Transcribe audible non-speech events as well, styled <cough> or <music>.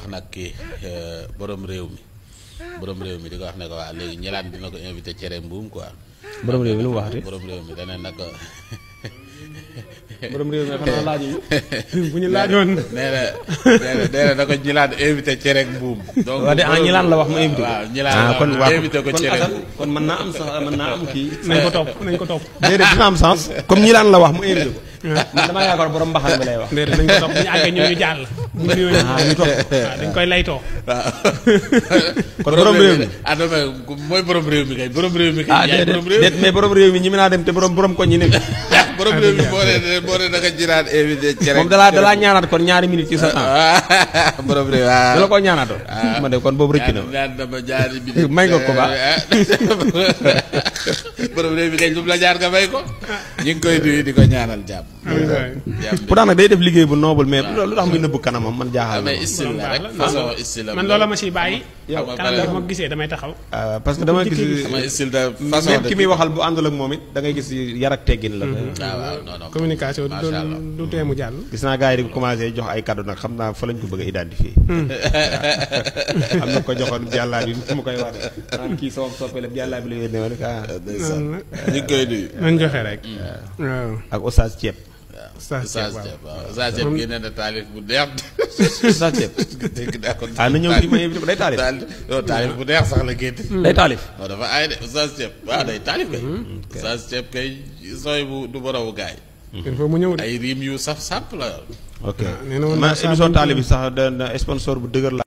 wax nag ki borom réew mi borom réew mi di ko wax ne ko waa léegi ñelaan dina ko invité cere mbuum quoi borom réew mi lu waxati borom réew mi dana nag borom réew mi <laughs> xana laaj ñu bu ñu laajoon <laughs> neena neena neena da ko ñilaan invité ci rek buum donc wa de en ah, ñilaan la wax mu invité waaw ñilaan kon invité ko ci rek ah, kon man na am sax man na am ki <laughs> nañ ko top nañ ko top dede am sens comme ñilaan la wax mu invité man damaa yaakaar borom mbaxal mi lay wax. déedéet dañ ko topp bu ñu àggee ñëw ñu jàll. bu ñu ñëwee ñu topp waaw dañ koy laytoo. waaw kon borom réew mi ah non mais mooy borom réew mi kay borom réew mi kay. ah déedéet mais borom réew mi ñi mën naa dem te borom borom koñ ñi nekk. problème bi boo nee boo nee da nga jiraat invité cere moom dalaa dalaa ñaanaat kon ñaari minute ci sa temps problème <laughs> ah. waaw dala koo ñaanaatoon ah. ma de kon boobu rëcc na ñaan dama jaari bi may nga ko ba problème <laughs> ah. bi kañ lu la jaar nga may ko ñu ngi koy duy di ko ñaanal jàmm pourtant nag day def liggéey bu noble mais lu tax muy nëbb kanamam man jaaxal mais istil la rek façon istil la man loola ma siy bàyyi yow kanam bi ma gisee damay taxaw parce que dama gis sama istil da muy waxal bu àndul ak moom it da ngay gis yar ak teggin la mm-hmm. waaw communication du tee mu jàll. gis naa gars yi di ko jox ay cadeau nag xam naa fa lañ ko bëgg a identifier. Hmm. <laughs> am na ko joxoon jàllaa bi koy wax naan kii sama bi la yónnee woon ah. Ah, hmm. ah. ñu ngi koy nuyu. nañ joxe rek. Hmm. waaw ak oustaz ceeb. Oustaz Thiep waaw Oustaz taalif bu neex. sax la génne. day taalif. waaw dafa aay de Oustaz Thiep waaw day taalif kay. oustaz ceeb kay sooy bu du ba raw gaay il faut mu ñëw ay riim yu saf sàpp la. ok ah, nee na woon émission taalibe bi sax da sponsor bu dëgër la.